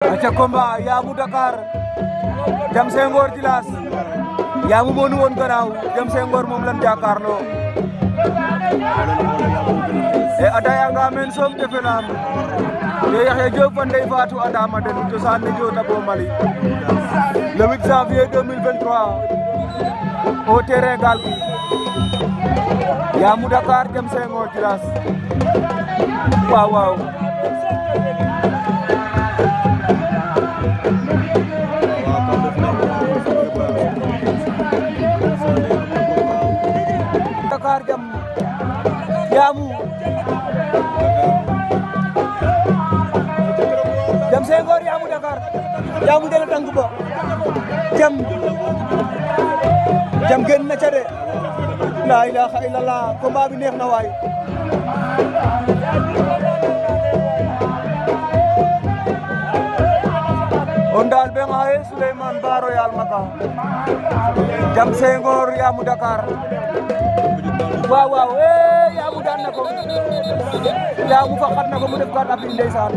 aca combat Yabou Dakar Diam Senghor Djilass Yabou moo nu woon gannaaw Diam moom lan jàkkaarloo e a dayanga meen soom defe naam te Yaxya Diop fa Ndeye Fatou andama den cosaan ne joota bo Mali le 8 janvier 2023 au terrain Galgui Dakar Diam Senghor Djilass waaw Dakar jam yaamu jam sengoor yaamu Dakar yaamu dele tànk ba jam jam génn na ca laa ilaaha illallah combat bi neex na waay Samaye Souleymane Baro ya Almaka Jam Senghor ya mu Dakar waaw waaw eh na ko yaa mu faxat na ko mu def kat ab ndeysaan